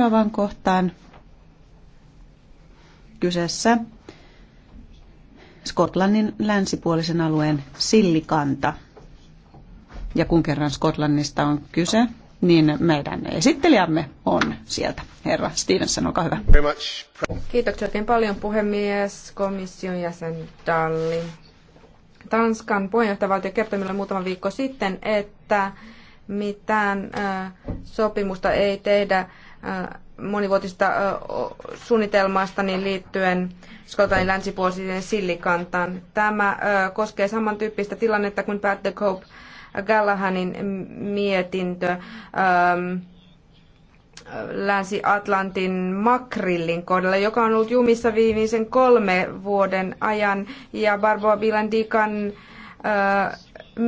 seuraavaan kohtaan. Kyseessä Skotlannin länsipuolisen alueen sillikanta. Ja kun kerran Skotlannista on kyse, niin meidän esittelijämme on sieltä. Herra Stevenson, olkaa hyvä. Kiitoksia oikein paljon puhemies, komission jäsen Dalli. Tanskan puheenjohtajavaltio kertoi minulle muutama viikko sitten, että mitään sopimusta ei tehdä Äh, monivuotista äh, suunnitelmastani niin liittyen Skotlannin länsipuoliseen sillikantaan. Tämä äh, koskee samantyyppistä tilannetta kuin Pat the Cope Gallahanin mietintö ähm, Länsi-Atlantin makrillin kohdalla, joka on ollut jumissa viimeisen kolme vuoden ajan, ja Barboa Bilandikan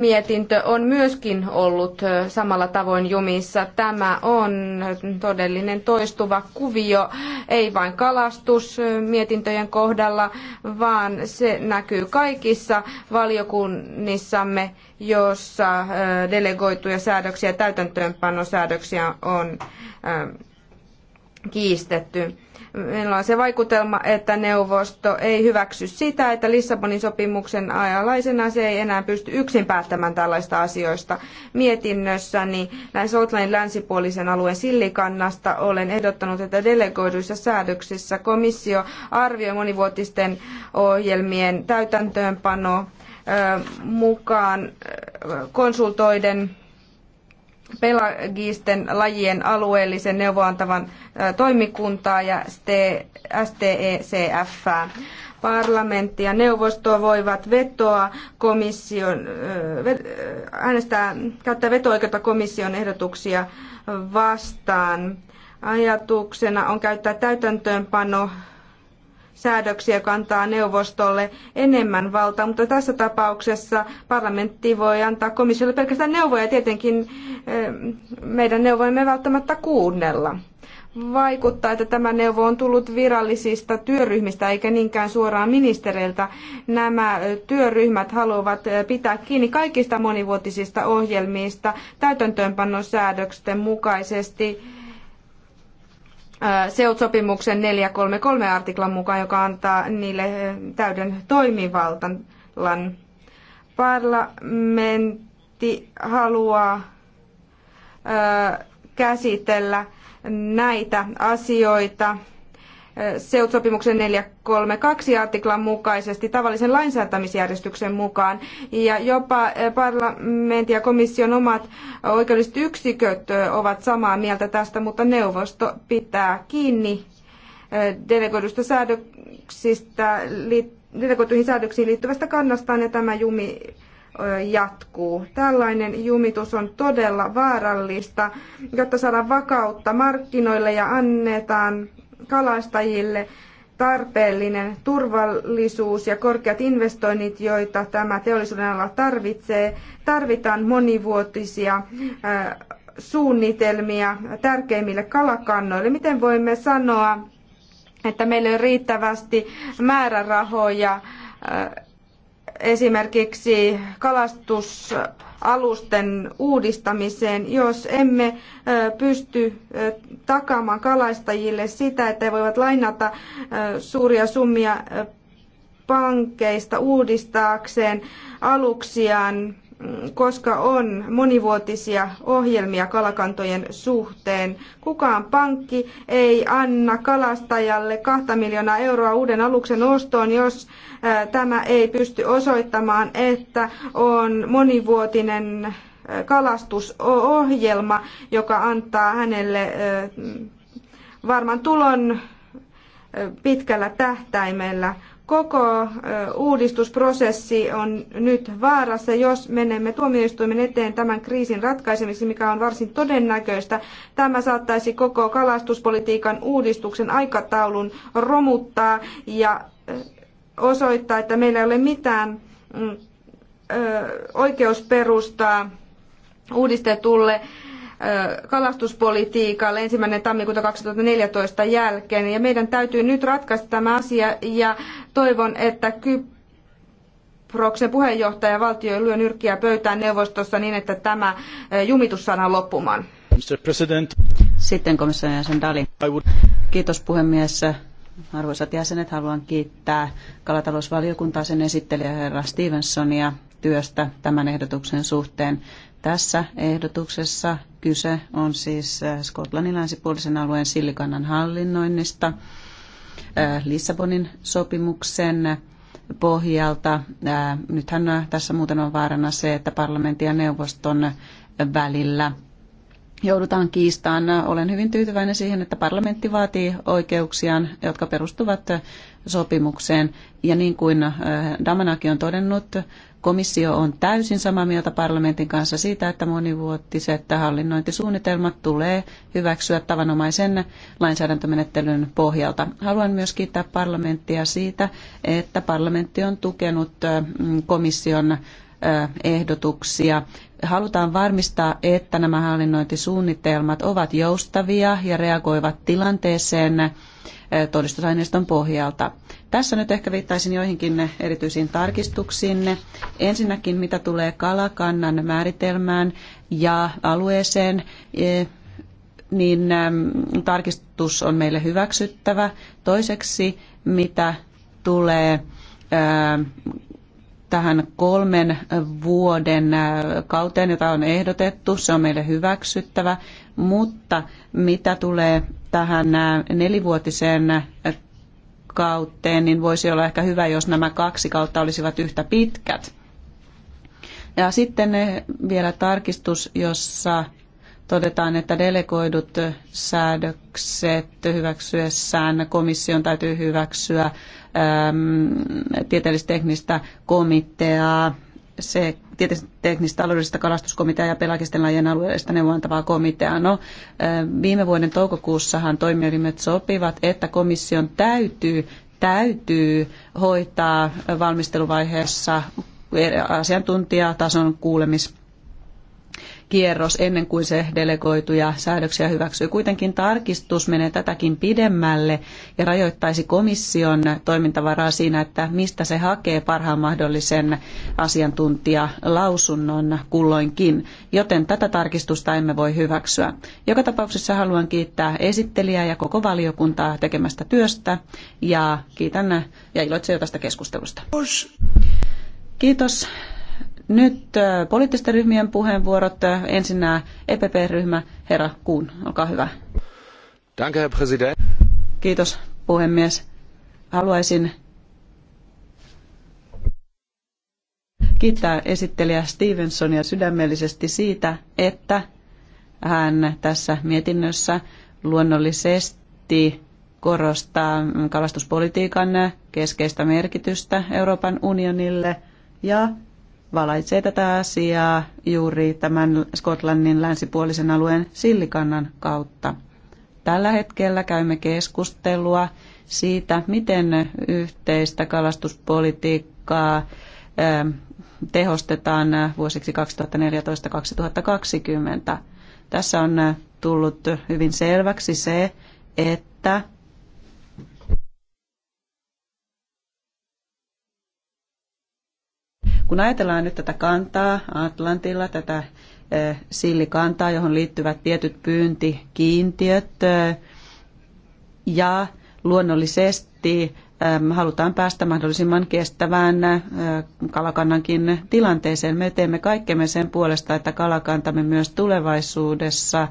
mietintö on myöskin ollut samalla tavoin jumissa. Tämä on todellinen toistuva kuvio, ei vain kalastusmietintöjen kohdalla, vaan se näkyy kaikissa valiokunnissamme, jossa delegoituja säädöksiä ja täytäntöönpanosäädöksiä on kiistetty. Meillä on se vaikutelma, että neuvosto ei hyväksy sitä, että Lissabonin sopimuksen ajalaisena se ei enää pysty yksin päättämään tällaista asioista. Mietinnössäni näin Soutlain länsipuolisen alueen sillikannasta olen ehdottanut, että delegoiduissa säädöksissä komissio arvioi monivuotisten ohjelmien täytäntöönpano mukaan konsultoiden pelagisten lajien alueellisen neuvoantavan toimikuntaa ja STECF. Parlamentti ja neuvosto voivat vetoa komission, äänestää, käyttää veto-oikeutta komission ehdotuksia vastaan. Ajatuksena on käyttää täytäntöönpano säädöksiä, joka antaa neuvostolle enemmän valtaa, mutta tässä tapauksessa parlamentti voi antaa komissiolle pelkästään neuvoja ja tietenkin eh, meidän neuvoimme välttämättä kuunnella. Vaikuttaa, että tämä neuvo on tullut virallisista työryhmistä eikä niinkään suoraan ministereiltä. Nämä eh, työryhmät haluavat eh, pitää kiinni kaikista monivuotisista ohjelmista täytäntöönpannosäädöksen mukaisesti SEUT-sopimuksen 433 artiklan mukaan, joka antaa niille täyden toimivaltan. Parlamentti haluaa käsitellä näitä asioita SEUT-sopimuksen 432 artiklan mukaisesti tavallisen lainsäätämisjärjestyksen mukaan. Ja jopa eh, parlamentin ja komission omat oikeudelliset yksiköt eh, ovat samaa mieltä tästä, mutta neuvosto pitää kiinni eh, delegoidusta säädöksistä, delegoituihin säädöksiin liittyvästä kannastaan ja tämä jumi jatkuu. Tällainen jumitus on todella vaarallista, jotta saadaan vakautta markkinoille ja annetaan kalastajille tarpeellinen turvallisuus ja korkeat investoinnit, joita tämä teollisuuden ala tarvitsee. Tarvitaan monivuotisia suunnitelmia tärkeimmille kalakannoille. Miten voimme sanoa, että meillä on riittävästi määrärahoja esimerkiksi kalastus alusten uudistamiseen, jos emme pysty takaamaan kalastajille sitä, että he voivat lainata suuria summia pankeista uudistaakseen aluksiaan koska on monivuotisia ohjelmia kalakantojen suhteen. Kukaan pankki ei anna kalastajalle kahta miljoonaa euroa uuden aluksen ostoon, jos tämä ei pysty osoittamaan, että on monivuotinen kalastusohjelma, joka antaa hänelle varman tulon pitkällä tähtäimellä. Koko uudistusprosessi on nyt vaarassa, jos menemme tuomioistuimen eteen tämän kriisin ratkaisemiseksi, mikä on varsin todennäköistä. Tämä saattaisi koko kalastuspolitiikan uudistuksen aikataulun romuttaa ja osoittaa, että meillä ei ole mitään mm, oikeusperustaa uudistetulle kalastuspolitiikalle ensimmäinen tammikuuta 2014 jälkeen. Ja meidän täytyy nyt ratkaista tämä asia ja toivon, että Kyproksen puheenjohtaja valtio lyö nyrkkiä pöytään neuvostossa niin, että tämä jumitus saadaan loppumaan. Mr. President. Sitten komissaari jäsen Dali. Kiitos puhemies. Arvoisat jäsenet, haluan kiittää kalatalousvaliokuntaa sen esittelijä herra Stevensonia työstä tämän ehdotuksen suhteen. Tässä ehdotuksessa kyse on siis äh, Skotlannin länsipuolisen alueen sillikannan hallinnoinnista äh, Lissabonin sopimuksen pohjalta. Äh, nythän tässä muuten on vaarana se, että parlamentin ja neuvoston välillä joudutaan kiistaan. Olen hyvin tyytyväinen siihen, että parlamentti vaatii oikeuksiaan, jotka perustuvat sopimukseen. Ja niin kuin Damanaki on todennut, Komissio on täysin samaa mieltä parlamentin kanssa siitä, että monivuotiset hallinnointisuunnitelmat tulee hyväksyä tavanomaisen lainsäädäntömenettelyn pohjalta. Haluan myös kiittää parlamenttia siitä, että parlamentti on tukenut komission ehdotuksia. Halutaan varmistaa, että nämä hallinnointisuunnitelmat ovat joustavia ja reagoivat tilanteeseen todistusaineiston pohjalta. Tässä nyt ehkä viittaisin joihinkin erityisiin tarkistuksiinne. Ensinnäkin mitä tulee kalakannan määritelmään ja alueeseen, e, niin tarkistus on meille hyväksyttävä. Toiseksi mitä tulee tähän kolmen vuoden kauteen, jota on ehdotettu, se on meille hyväksyttävä, mutta mitä tulee tähän nelivuotiseen kauteen, niin voisi olla ehkä hyvä, jos nämä kaksi kautta olisivat yhtä pitkät. Ja sitten vielä tarkistus, jossa todetaan, että delegoidut säädökset hyväksyessään komission täytyy hyväksyä äm, tieteellis-teknistä komiteaa se teknistä taloudellista kalastuskomitea ja pelagisten lajien alueellista neuvontavaa komitea. No, viime vuoden toukokuussahan toimielimet sopivat, että komission täytyy täytyy hoitaa valmisteluvaiheessa asiantuntijatason kuulemis kierros ennen kuin se delegoituja säädöksiä hyväksyy. Kuitenkin tarkistus menee tätäkin pidemmälle ja rajoittaisi komission toimintavaraa siinä, että mistä se hakee parhaan mahdollisen asiantuntijalausunnon kulloinkin. Joten tätä tarkistusta emme voi hyväksyä. Joka tapauksessa haluan kiittää esittelijää ja koko valiokuntaa tekemästä työstä ja kiitän ja iloitsen jo tästä keskustelusta. Kiitos. Nyt äh, poliittisten ryhmien puheenvuorot. Äh, nämä EPP-ryhmä, herra Kuun, olkaa hyvä. Danke, herr Präsident. Kiitos, puhemies. Haluaisin kiittää esittelijä Stevensonia sydämellisesti siitä, että hän tässä mietinnössä luonnollisesti korostaa kalastuspolitiikan keskeistä merkitystä Euroopan unionille ja valaisee tätä asiaa juuri tämän Skotlannin länsipuolisen alueen sillikannan kautta. Tällä hetkellä käymme keskustelua siitä, miten yhteistä kalastuspolitiikkaa tehostetaan vuosiksi 2014-2020. Tässä on tullut hyvin selväksi se, että Kun ajatellaan nyt tätä kantaa Atlantilla, tätä sillikantaa, johon liittyvät tietyt pyyntikiintiöt ja luonnollisesti halutaan päästä mahdollisimman kestävään kalakannankin tilanteeseen. Me teemme kaikkemme sen puolesta, että kalakantamme myös tulevaisuudessa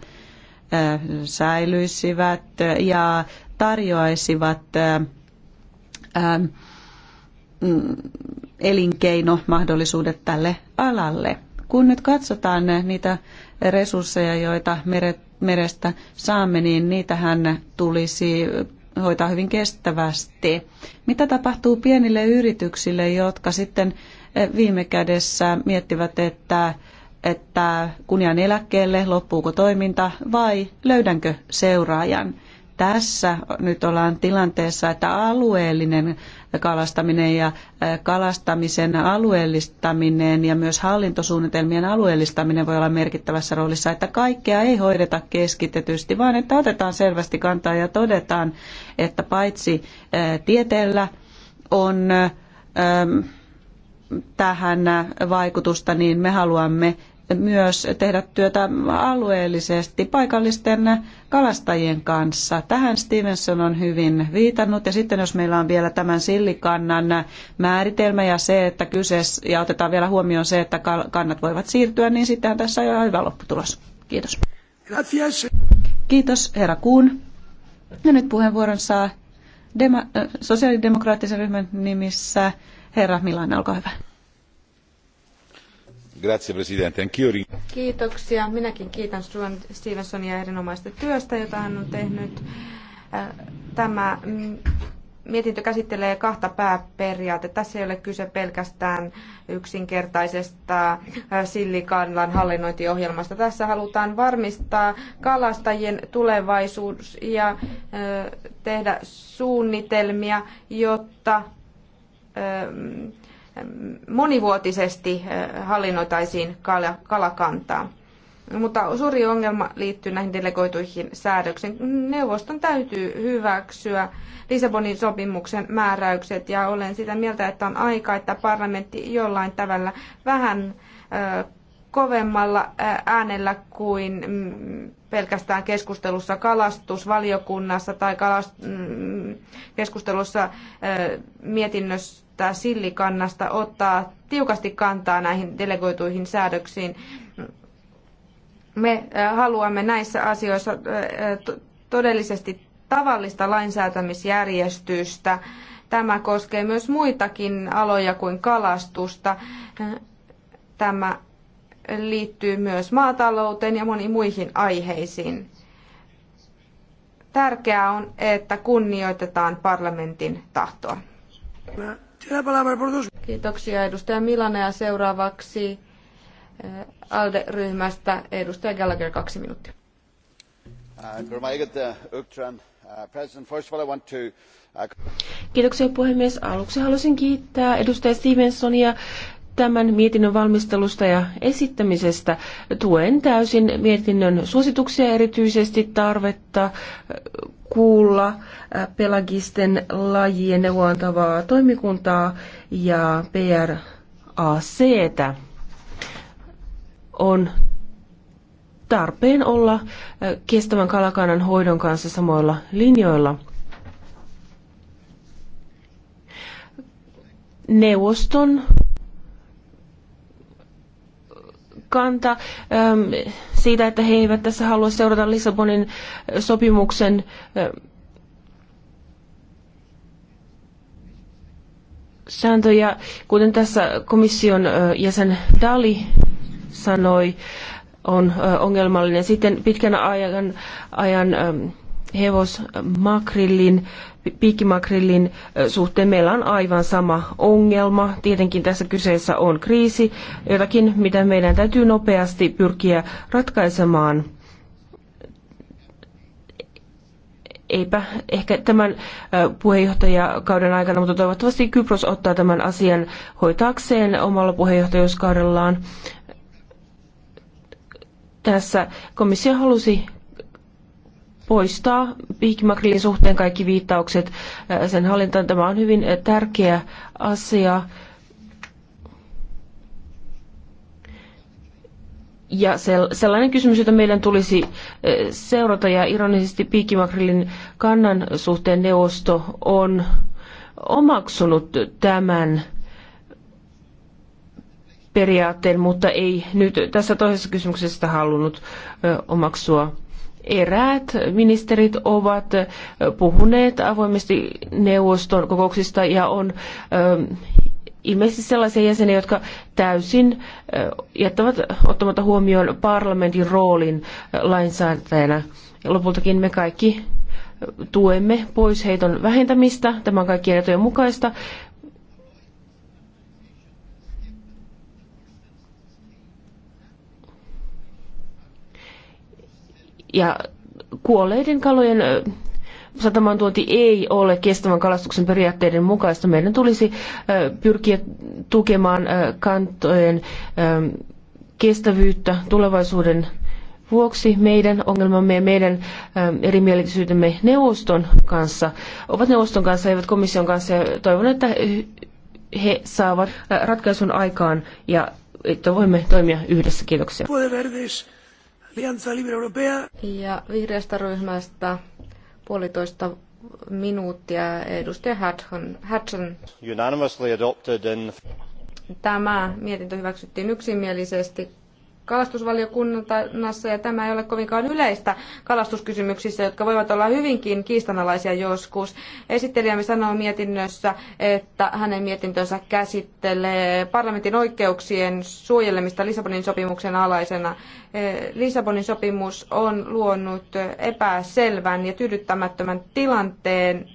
säilyisivät ja tarjoaisivat Mm, Elinkeino mahdollisuudet tälle alalle. Kun nyt katsotaan niitä resursseja, joita merestä saamme, niin niitähän tulisi hoitaa hyvin kestävästi. Mitä tapahtuu pienille yrityksille, jotka sitten eh, viime kädessä miettivät, että, että kunnian eläkkeelle loppuuko toiminta vai löydänkö seuraajan? tässä nyt ollaan tilanteessa, että alueellinen kalastaminen ja kalastamisen alueellistaminen ja myös hallintosuunnitelmien alueellistaminen voi olla merkittävässä roolissa, että kaikkea ei hoideta keskitetysti, vaan että otetaan selvästi kantaa ja todetaan, että paitsi tieteellä on tähän vaikutusta, niin me haluamme myös tehdä työtä alueellisesti paikallisten kalastajien kanssa. Tähän Stevenson on hyvin viitannut. Ja sitten jos meillä on vielä tämän sillikannan määritelmä ja se, että kyseessä, ja otetaan vielä huomioon se, että kannat voivat siirtyä, niin sittenhän tässä on hyvä lopputulos. Kiitos. Gracias. Kiitos, herra Kuun. Ja nyt puheenvuoron saa dema- äh, sosiaalidemokraattisen ryhmän nimissä herra Milan, olkaa hyvä. Grazie, Presidente. Anch'io Kiitoksia. Minäkin kiitän Struan Stevensonia erinomaista työstä, jota hän on tehnyt. Äh, tämä mm, mietintö käsittelee kahta pääperiaatetta. Tässä ei ole kyse pelkästään yksinkertaisesta äh, sillikannan hallinnointiohjelmasta. Tässä halutaan varmistaa kalastajien tulevaisuus ja äh, tehdä suunnitelmia, jotta ähm, monivuotisesti hallinnoitaisiin kalakantaa. Mutta suuri ongelma liittyy näihin delegoituihin säädöksiin. Neuvoston täytyy hyväksyä Lissabonin sopimuksen määräykset ja olen sitä mieltä, että on aika, että parlamentti jollain tavalla vähän kovemmalla äänellä kuin mm, pelkästään keskustelussa kalastusvaliokunnassa tai mm, keskustelussa mietinnössä päättää sillikannasta ottaa tiukasti kantaa näihin delegoituihin säädöksiin. Me äh, haluamme näissä asioissa äh, äh, todellisesti tavallista lainsäätämisjärjestystä. Tämä koskee myös muitakin aloja kuin kalastusta. Tämä liittyy myös maatalouteen ja moniin muihin aiheisiin. Tärkeää on, että kunnioitetaan parlamentin tahtoa. Kiitoksia edustaja Milana ja seuraavaksi eh, ALDE-ryhmästä edustaja Gallagher kaksi minuuttia. Kiitoksia puhemies. Aluksi haluaisin kiittää edustaja Stevensonia tämän mietinnön valmistelusta ja esittämisestä. Tuen täysin mietinnön suosituksia erityisesti tarvetta äh, kuulla äh, pelagisten lajien neuvontavaa toimikuntaa ja tä On tarpeen olla äh, kestävän kalakannan hoidon kanssa samoilla linjoilla. Neuvoston kanta ähm, siitä, että he eivät tässä halua seurata Lissabonin äh, sopimuksen äh, sääntöjä, kuten tässä komission äh, jäsen Dali sanoi, on ongelmallinen. Sitten pitkän ajan, ajan ähm, hevosmakrillin, piikkimakrillin suhteen meillä on aivan sama ongelma. Tietenkin tässä kyseessä on kriisi, jotakin mitä meidän täytyy nopeasti pyrkiä ratkaisemaan. eipä ehkä tämän puheenjohtajakauden aikana, mutta toivottavasti Kypros ottaa tämän asian hoitaakseen omalla puheenjohtajuuskaudellaan. Tässä komissio halusi poistaa piikkimakrillin suhteen kaikki viittaukset äh, sen hallintaan. Tämä on hyvin äh, tärkeä asia. Ja sellainen kysymys, jota meidän tulisi äh, seurata, ja ironisesti piikkimakrillin kannan suhteen neuvosto on omaksunut tämän periaatteen, mutta ei nyt tässä toisessa kysymyksessä halunnut omaksua eräät ministerit ovat puhuneet avoimesti neuvoston kokouksista ja on ilmeisesti sellaisia jäseniä, jotka täysin jättävät ottamatta huomioon parlamentin roolin lainsäätäjänä. Lopultakin me kaikki tuemme poisheiton vähentämistä, tämä on kaikkien etujen mukaista, Ja kuolleiden kalojen sataman tuoti ei ole kestävän kalastuksen periaatteiden mukaista. Meidän tulisi pyrkiä tukemaan kantojen kestävyyttä tulevaisuuden vuoksi meidän ongelmamme ja meidän erimielisyytemme neuvoston kanssa ovat neuvoston kanssa, eivät komission kanssa. toivon, että he saavat ratkaisun aikaan ja että voimme toimia yhdessä. Kiitoksia. Ja vihreästä ryhmästä puolitoista minuuttia edustaja Hudson. Hudson. Unanimously adopted in... Tämä mietintö hyväksyttiin yksimielisesti kalastusvaliokunnassa ja tämä ei ole kovinkaan yleistä kalastuskysymyksissä, jotka voivat olla hyvinkin kiistanalaisia joskus. Esittelijämme sanoo mietinnössä, että hänen mietintönsä käsittelee parlamentin oikeuksien suojelemista Lissabonin sopimuksen alaisena. Eh, Lissabonin sopimus on luonut epäselvän ja tyydyttämättömän tilanteen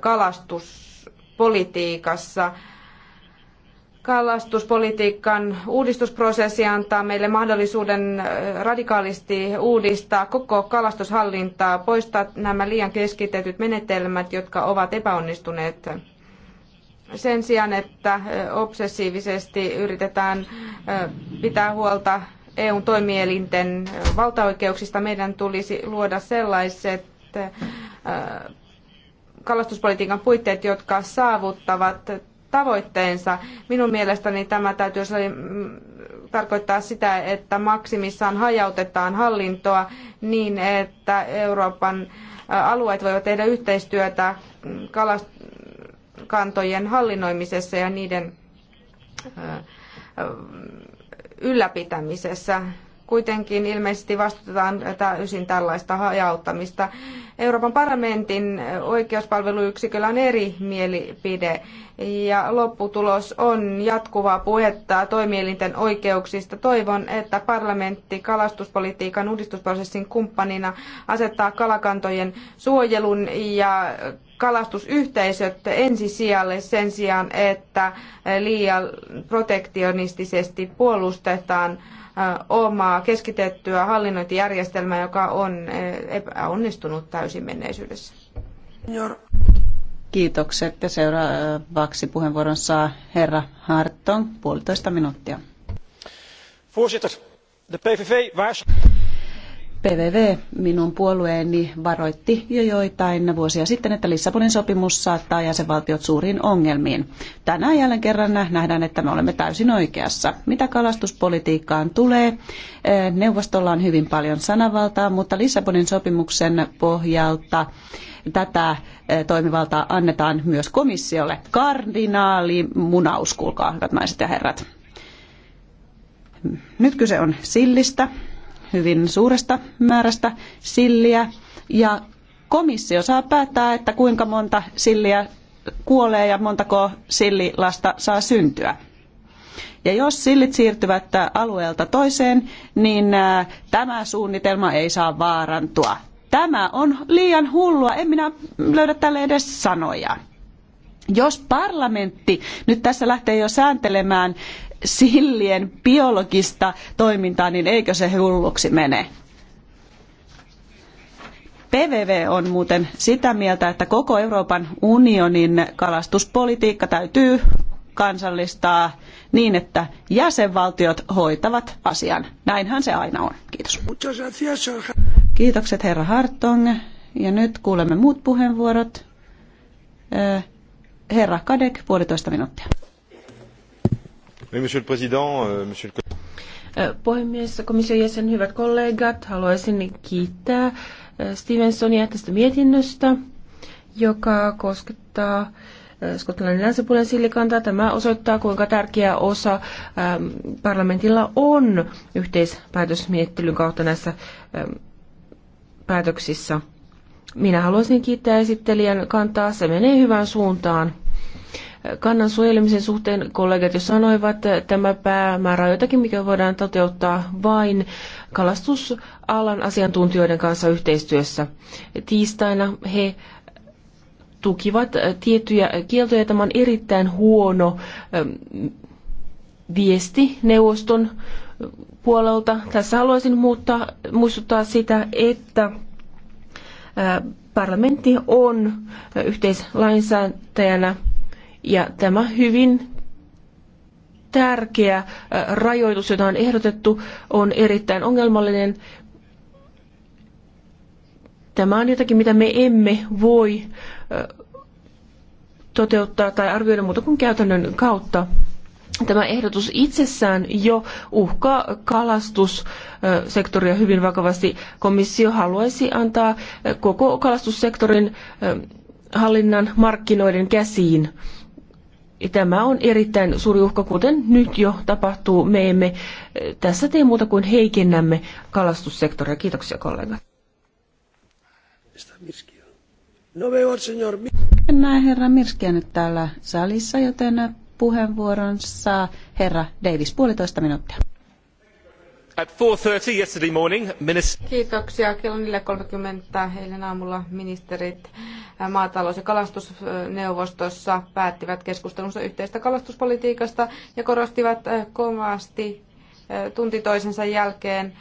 kalastuspolitiikassa kalastuspolitiikan uudistusprosessi antaa meille mahdollisuuden äh, radikaalisti uudistaa koko kalastushallintaa, poistaa nämä liian keskitetyt menetelmät, jotka ovat epäonnistuneet sen sijaan, että äh, obsessiivisesti yritetään äh, pitää huolta EUn toimielinten valtaoikeuksista, meidän tulisi luoda sellaiset kalastuspolitiikan puitteet, jotka saavuttavat tavoitteensa. Minun mielestäni tämä täytyy mm, tarkoittaa sitä, että maksimissaan hajautetaan hallintoa niin, että Euroopan alueet voivat tehdä yhteistyötä kalakantojen hallinnoimisessa ja niiden ylläpitämisessä kuitenkin ilmeisesti vastustetaan täysin tällaista hajauttamista. Euroopan parlamentin oikeuspalveluyksiköllä on eri mielipide ja lopputulos on jatkuvaa puhetta toimielinten oikeuksista. Toivon, että parlamentti kalastuspolitiikan uudistusprosessin kumppanina asettaa kalakantojen suojelun ja kalastusyhteisöt ensisijalle sen sijaan, että liian protektionistisesti puolustetaan omaa keskitettyä hallinnointijärjestelmää, joka on epäonnistunut täysin menneisyydessä. Kiitokset. Seuraavaksi puheenvuoron saa herra Hartong, puolitoista minuuttia. Voorzitter, de PVV waarschuwt... PVV, minun puolueeni, varoitti jo joitain vuosia sitten, että Lissabonin sopimus saattaa jäsenvaltiot suuriin ongelmiin. Tänään jälleen kerran nähdään, että me olemme täysin oikeassa. Mitä kalastuspolitiikkaan tulee, eh, neuvostolla on hyvin paljon sanavaltaa, mutta Lissabonin sopimuksen pohjalta tätä eh, toimivaltaa annetaan myös komissiolle. Kardinaali munaus, kuulkaa hyvät naiset ja herrat. Nyt kyse on sillistä, hyvin suuresta määrästä silliä ja komissio saa päättää, että kuinka monta silliä kuolee ja montako sillilasta saa syntyä. Ja jos sillit siirtyvät alueelta toiseen, niin tämä suunnitelma ei saa vaarantua. Tämä on liian hullua, en minä löydä tälle edes sanoja. Jos parlamentti nyt tässä lähtee jo sääntelemään sillien biologista toimintaa, niin eikö se hulluksi mene? PVV on muuten sitä mieltä, että koko Euroopan unionin kalastuspolitiikka täytyy kansallistaa niin, että jäsenvaltiot hoitavat asian. Näinhän se aina on. Kiitos. Kiitokset herra Hartong. Ja nyt kuulemme muut puheenvuorot. Herra Kadek, puolitoista minuuttia. Monsieur le Président, euh, monsieur le... Puhemies, komission jäsen, hyvät kollegat, haluaisin kiittää Stevensonia tästä mietinnöstä, joka koskettaa Skotlannin länsipuolen sillikantaa. Tämä osoittaa, kuinka tärkeä osa parlamentilla on yhteispäätösmenettelyn kautta näissä päätöksissä. Minä haluaisin kiittää esittelijän kantaa. Se menee hyvään suuntaan. Kannan suojelemisen suhteen kollegat jo sanoivat, että tämä päämäärä on jotakin, mikä voidaan toteuttaa vain kalastusalan asiantuntijoiden kanssa yhteistyössä. Tiistaina he tukivat tiettyjä kieltoja. Tämä on erittäin huono ähm, viesti neuvoston puolelta. Tässä haluaisin muuttaa, muistuttaa sitä, että äh, parlamentti on yhteislainsäätäjänä ja tämä hyvin tärkeä rajoitus, jota on ehdotettu, on erittäin ongelmallinen. Tämä on jotakin, mitä me emme voi toteuttaa tai arvioida muuta kuin käytännön kautta. Tämä ehdotus itsessään jo uhkaa kalastussektoria hyvin vakavasti. Komissio haluaisi antaa koko kalastussektorin hallinnan markkinoiden käsiin. Ja tämä on erittäin suuri uhka, kuten nyt jo tapahtuu. Me emme eh, tässä tee muuta kuin heikennämme kalastussektoria. Kiitoksia kollegat. No en näe herra Mirskiä nyt täällä salissa, joten puheenvuoron saa herra Davis puolitoista minuuttia. At 4.30 yesterday morning, minister... Kiitoksia. Kello 4.30 eilen aamulla ministerit maatalous- ja kalastusneuvostossa päättivät keskustelunsa yhteistä kalastuspolitiikasta ja korostivat kovasti tunti toisensa jälkeen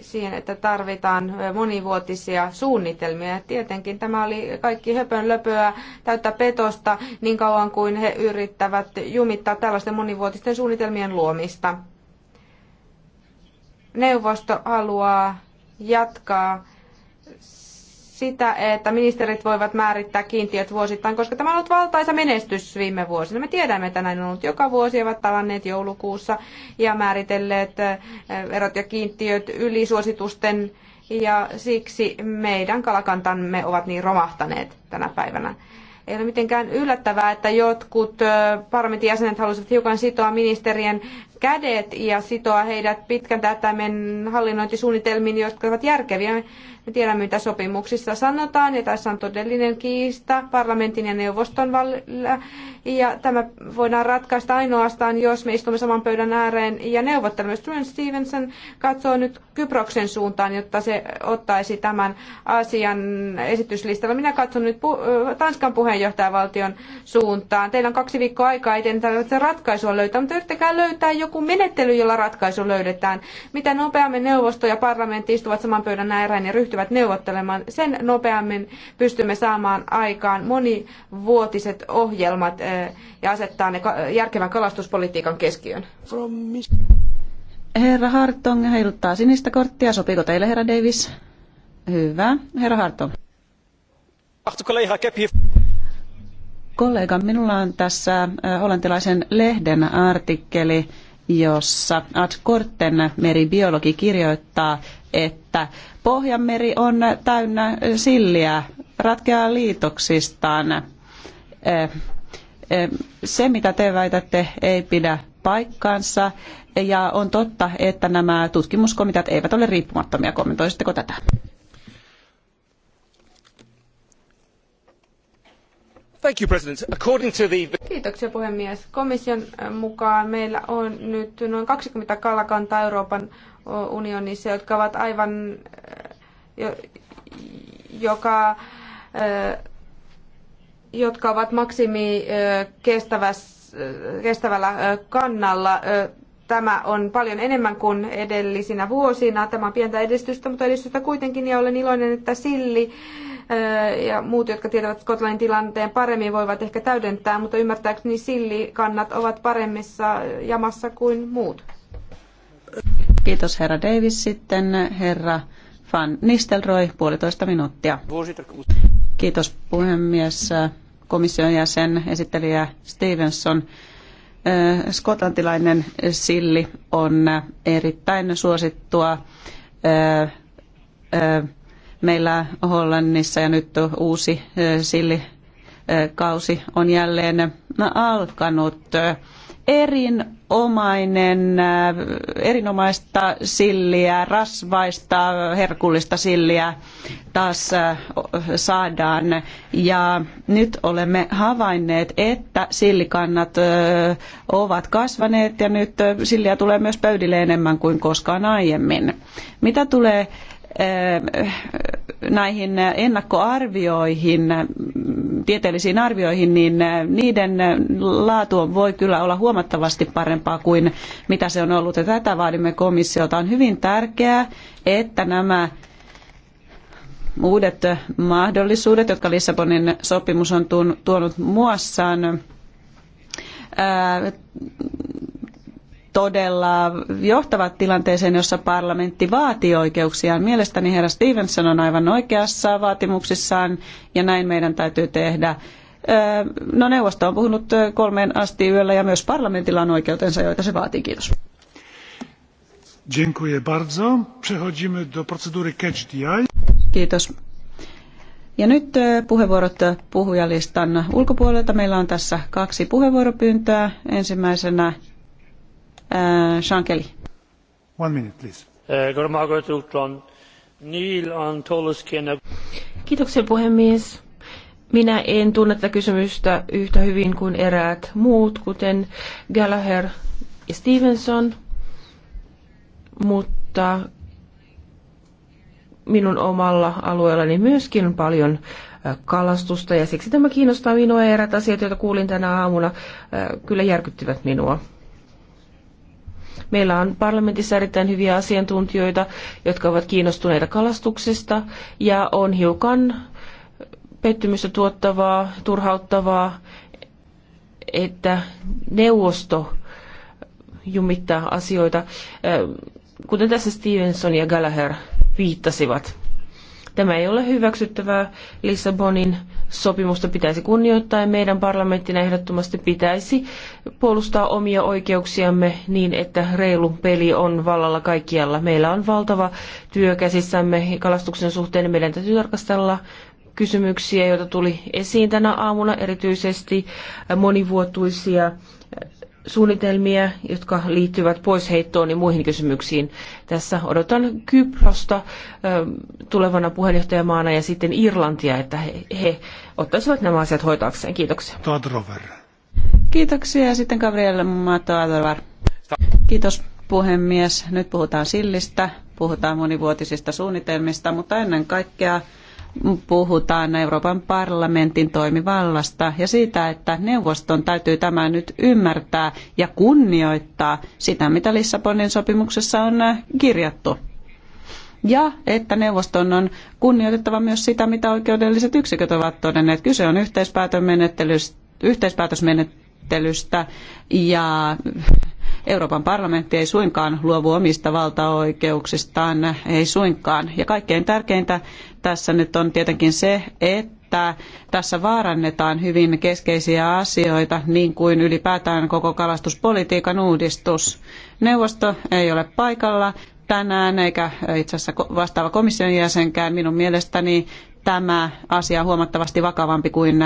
siihen, että tarvitaan monivuotisia suunnitelmia. Tietenkin tämä oli kaikki höpönlöpöä täyttä petosta niin kauan kuin he yrittävät jumittaa tällaisten monivuotisten suunnitelmien luomista neuvosto haluaa jatkaa sitä, että ministerit voivat määrittää kiintiöt vuosittain, koska tämä on ollut valtaisa menestys viime vuosina. Me tiedämme, että näin on ollut joka vuosi, ovat tavanneet joulukuussa ja määritelleet verot ja kiintiöt ylisuositusten ja siksi meidän kalakantamme ovat niin romahtaneet tänä päivänä. Ei ole mitenkään yllättävää, että jotkut parlamentin jäsenet halusivat hiukan sitoa ministerien kädet ja sitoa heidät pitkän tähtäimen hallinnointisuunnitelmiin, jotka ovat järkeviä. Me tiedämme, mitä sopimuksissa sanotaan, ja tässä on todellinen kiista parlamentin ja neuvoston välillä. Ja tämä voidaan ratkaista ainoastaan, jos me istumme saman pöydän ääreen ja neuvottelemme. Struan Stevenson katsoo nyt Kyproksen suuntaan, jotta se ottaisi tämän asian esityslistalla. Minä katson nyt Tanskan puheenjohtajavaltion suuntaan. Teillä on kaksi viikkoa aikaa, ei tarvitse ratkaisua löytää, mutta yrittäkää löytää joku joku menettely, jolla ratkaisu löydetään. Mitä nopeammin neuvosto ja parlamentti istuvat saman pöydän ääreen ja ryhtyvät neuvottelemaan, sen nopeammin pystymme saamaan aikaan monivuotiset ohjelmat eh, ja asettaa ne järkevän kalastuspolitiikan keskiöön. Herra Hartong heiluttaa sinistä korttia. Sopiiko teille, herra Davis? Hyvä. Herra Hartong. Kollega, minulla on tässä eh, hollantilaisen lehden artikkeli jossa Ad Korten meribiologi kirjoittaa, että Pohjanmeri on täynnä silliä, ratkeaa liitoksistaan. Se, mitä te väitätte, ei pidä paikkaansa. Ja on totta, että nämä tutkimuskomiteat eivät ole riippumattomia. Kommentoisitteko tätä? Kiitoksia puhemies. Komission äh, mukaan meillä on nyt noin 20 kalakantaa Euroopan unionissa, jotka ovat aivan, äh, joka, äh, jotka ovat maksimi kestävällä kannalla. Tämä on paljon enemmän kuin edellisinä vuosina. Tämä on pientä edistystä, mutta edistystä kuitenkin ja olen iloinen, että Silli ja muut, jotka tietävät Skotlannin tilanteen paremmin, voivat ehkä täydentää, mutta ymmärtääkseni sillikannat ovat paremmissa jamassa kuin muut. Kiitos herra Davis. Sitten herra Van Nistelrooy, puolitoista minuuttia. Kiitos puhemies, komission jäsen, esittelijä Stevenson. Skotlantilainen silli on erittäin suosittua meillä Hollannissa ja nyt uusi sillikausi on jälleen alkanut. Erinomainen, erinomaista silliä, rasvaista, herkullista silliä taas saadaan. Ja nyt olemme havainneet, että sillikannat ovat kasvaneet ja nyt silliä tulee myös pöydille enemmän kuin koskaan aiemmin. Mitä tulee näihin ennakkoarvioihin, tieteellisiin arvioihin, niin niiden laatu voi kyllä olla huomattavasti parempaa kuin mitä se on ollut. Ja tätä vaadimme komissiolta. On hyvin tärkeää, että nämä uudet mahdollisuudet, jotka Lissabonin sopimus on tuonut muassaan, todella johtavat tilanteeseen, jossa parlamentti vaatii oikeuksiaan. Mielestäni herra Stevenson on aivan oikeassa vaatimuksissaan ja näin meidän täytyy tehdä. No neuvosto on puhunut kolmeen asti yöllä ja myös parlamentilla on oikeutensa, joita se vaatii. Kiitos. Dziękuję bardzo. Przechodzimy do procedury catch the eye. Kiitos. Ja nyt e, puheenvuorot puhujalistan ulkopuolelta. Meillä on tässä kaksi puheenvuoropyyntöä. Ensimmäisenä Eh, Sean Kelly. Eh, Kiitoksia puhemies. Minä en tunne tätä kysymystä yhtä hyvin kuin eräät muut, kuten Gallagher ja Stevenson, mutta minun omalla alueellani myöskin on paljon eh, kalastusta ja siksi tämä kiinnostaa minua ja eräät asiat, joita kuulin tänä aamuna, kyllä järkyttivät minua. Meillä on parlamentissa erittäin hyviä asiantuntijoita, jotka ovat kiinnostuneita kalastuksesta ja on hiukan pettymystä tuottavaa, turhauttavaa, että neuvosto jumittaa asioita, äh, kuten tässä Stevenson ja Gallagher viittasivat. Tämä ei ole hyväksyttävää. Lissabonin sopimusta pitäisi kunnioittaa ja meidän parlamenttina ehdottomasti pitäisi puolustaa omia oikeuksiamme niin, että reilu peli on vallalla kaikkialla. Meillä on valtava työ käsissämme kalastuksen suhteen ja meidän täytyy tarkastella kysymyksiä, joita tuli esiin tänä aamuna, erityisesti monivuotuisia suunnitelmia, jotka liittyvät poisheittoon ja muihin kysymyksiin. Tässä odotan Kyprosta ähm, tulevana puheenjohtajamaana ja sitten Irlantia, että he, he ottaisivat nämä asiat hoitaakseen. Kiitoksia. Todrover. Kiitoksia ja sitten Gabriel Kiitos puhemies. Nyt puhutaan sillistä, puhutaan monivuotisista suunnitelmista, mutta ennen kaikkea puhutaan Euroopan parlamentin toimivallasta ja siitä, että neuvoston täytyy tämä nyt ymmärtää ja kunnioittaa sitä, mitä Lissabonin sopimuksessa on äh, kirjattu. Ja että neuvoston on kunnioitettava myös sitä, mitä oikeudelliset yksiköt ovat todenneet. Kyse on yhteispäätösmenettelystä, yhteispäätösmenettelystä ja Euroopan parlamentti ei suinkaan luovu omista valtaoikeuksistaan, ei suinkaan. Ja kaikkein tärkeintä tässä nyt on tietenkin se, että tässä vaarannetaan hyvin keskeisiä asioita, niin kuin ylipäätään koko kalastuspolitiikan uudistus. Neuvosto ei ole paikalla tänään, eikä itse asiassa vastaava komission jäsenkään. Minun mielestäni tämä asia on huomattavasti vakavampi kuin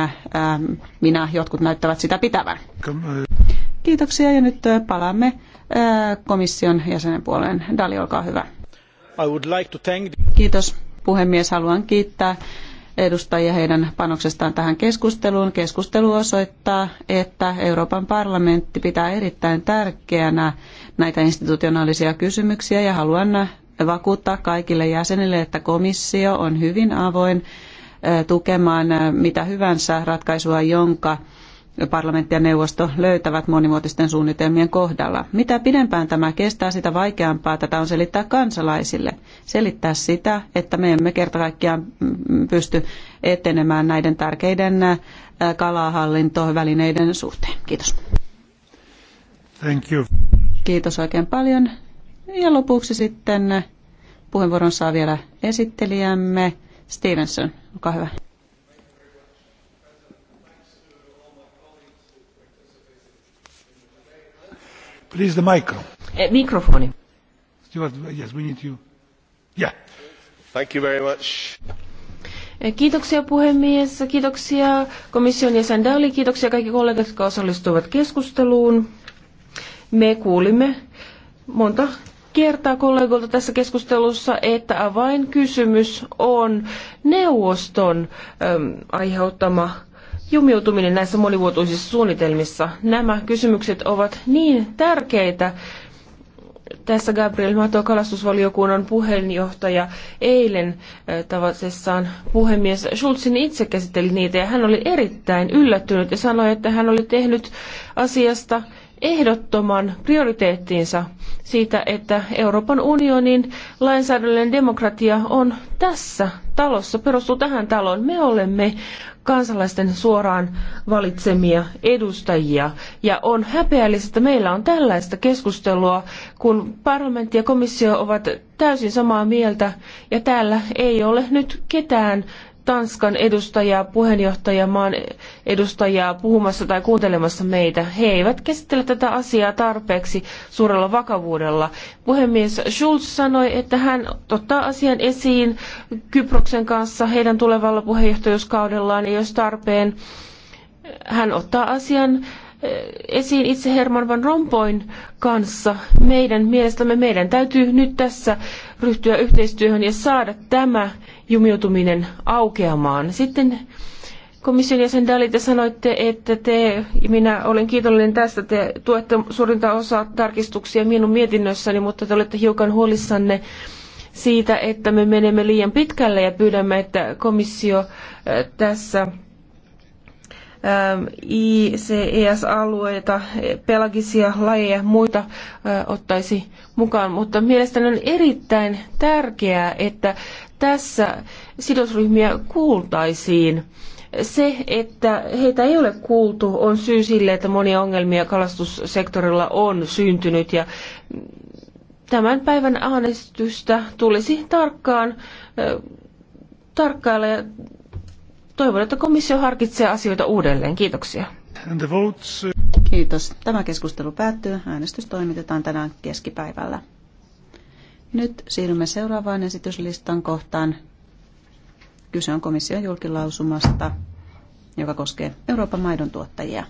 minä jotkut näyttävät sitä pitävän. Kiitoksia ja nyt palaamme komission jäsenen puoleen. Dali, olkaa hyvä. I would like to thank... Kiitos puhemies. Haluan kiittää edustajia heidän panoksestaan tähän keskusteluun. Keskustelu osoittaa, että Euroopan parlamentti pitää erittäin tärkeänä näitä institutionaalisia kysymyksiä ja haluan vakuuttaa kaikille jäsenille, että komissio on hyvin avoin tukemaan mitä hyvänsä ratkaisua, jonka parlamentti ja neuvosto löytävät monimuotisten suunnitelmien kohdalla. Mitä pidempään tämä kestää, sitä vaikeampaa tätä on selittää kansalaisille. Selittää sitä, että me emme kerta kaikkiaan pysty etenemään näiden tärkeiden kalahallintovälineiden suhteen. Kiitos. Thank you. Kiitos oikein paljon. Ja lopuksi sitten puheenvuoron saa vielä esittelijämme Stevenson. Olkaa hyvä. Please the micro. Eh, mikrofoni. Stuart, yes, we need you. Yeah. Thank you very much. Eh, kiitoksia puhemies, kiitoksia komission jäsen Dali, kiitoksia kaikki kollegat, jotka osallistuivat keskusteluun. Me kuulimme monta kertaa kollegoilta tässä keskustelussa, että avainkysymys on neuvoston äm, aiheuttama jumiutuminen näissä monivuotuisissa suunnitelmissa. Nämä kysymykset ovat niin tärkeitä. Tässä Gabriel Mato, kalastusvaliokunnan puheenjohtaja, eilen eh, tavatessaan puhemies Schulzin itse käsitteli niitä ja hän oli erittäin yllättynyt ja sanoi, että hän oli tehnyt asiasta ehdottoman prioriteettiinsa siitä, että Euroopan unionin lainsäädännöllinen demokratia on tässä talossa, perustuu tähän taloon. Me olemme kansalaisten suoraan valitsemia edustajia. Ja on häpeällistä, että meillä on tällaista keskustelua, kun parlamentti ja komissio ovat täysin samaa mieltä, ja täällä ei ole nyt ketään Tanskan edustajaa, puheenjohtajamaan edustajaa puhumassa tai kuuntelemassa meitä. He eivät käsittele tätä asiaa tarpeeksi suurella vakavuudella. Puhemies Schulz sanoi, että hän ottaa asian esiin Kyproksen kanssa heidän tulevalla puheenjohtajuuskaudellaan ja jos tarpeen hän ottaa asian eh, esiin itse Herman Van Rompoin kanssa. Meidän mielestämme meidän täytyy nyt tässä ryhtyä yhteistyöhön ja saada tämä jumiutuminen aukeamaan. Sitten komission jäsen Dali, te sanoitte, että te, minä olen kiitollinen tästä, te tuette suurinta osaa tarkistuksia minun mietinnössäni, mutta te olette hiukan huolissanne siitä, että me menemme liian pitkälle ja pyydämme, että komissio äh, tässä ähm, ICES-alueita, pelagisia lajeja ja muita äh, ottaisi mukaan, mutta mielestäni on erittäin tärkeää, että tässä sidosryhmiä kuultaisiin. Se, että heitä ei ole kuultu, on syy sille, että monia ongelmia kalastussektorilla on syntynyt ja tämän päivän äänestystä tulisi tarkkaan tarkkailla ja toivon, että komissio harkitsee asioita uudelleen. Kiitoksia. Kiitos. Tämä keskustelu päättyy. Äänestys toimitetaan tänään keskipäivällä. Nyt siirrymme seuraavaan esityslistan kohtaan. Kyse on komission julkilausumasta, joka koskee Euroopan maidon tuottajia.